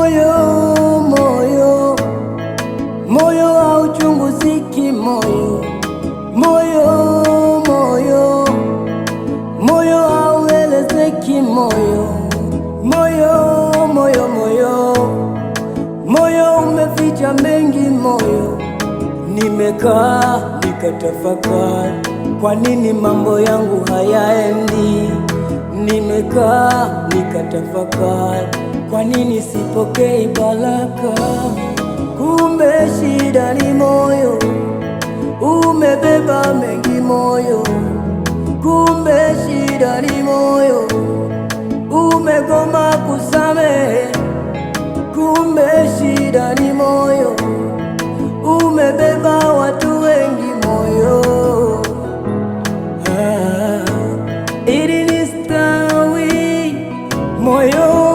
moyo moyo moyo ziki, moyo moyo moyo moyo ziki, moyo moyo moyo moyo moyo umeficha mengi moyo. Nimekaa nikatafakari, kwa nini mambo yangu hayaendi? Nimekaa nikatafakari kwa nini sipokei baraka? Kumbe shida ni moyo, umebeba mengi moyo. Kumbe shida ni moyo, umegoma kusamehe. Kumbe shida ni moyo, umebeba watu wengi moyo. Ah, ili nistawi moyo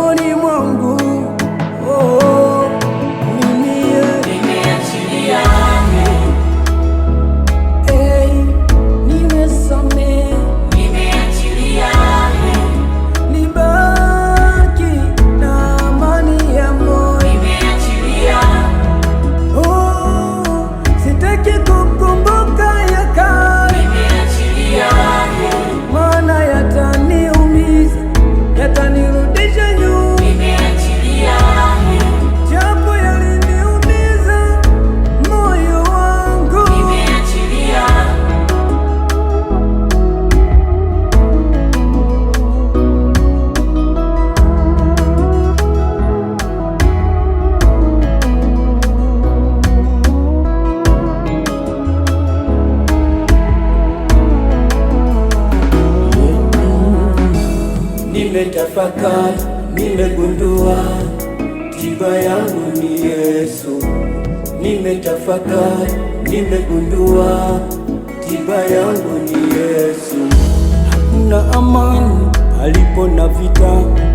nimetafakari, nimegundua tiba yangu ni Yesu. Nimetafakari, nimegundua tiba yangu ni Yesu. Hakuna amani palipo na vita,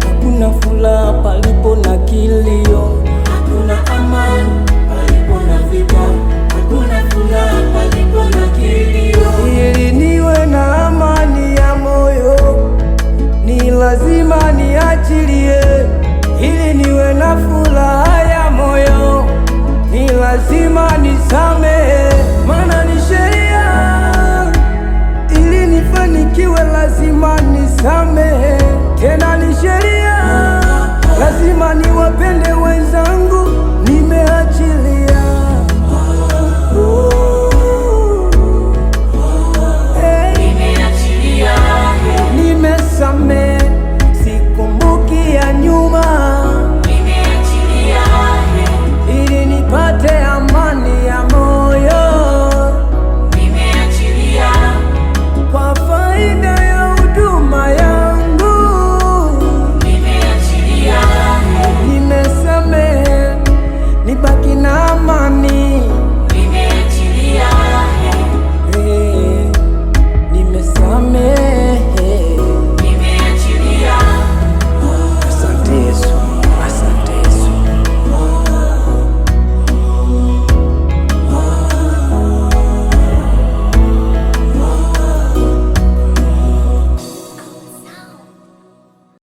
hakuna furaha palipo ya furaha ya moyo, ni lazima nisamehe, maana ni sheria. Ili nifanikiwe, lazima nisamehe, tena ni sheria, lazima ni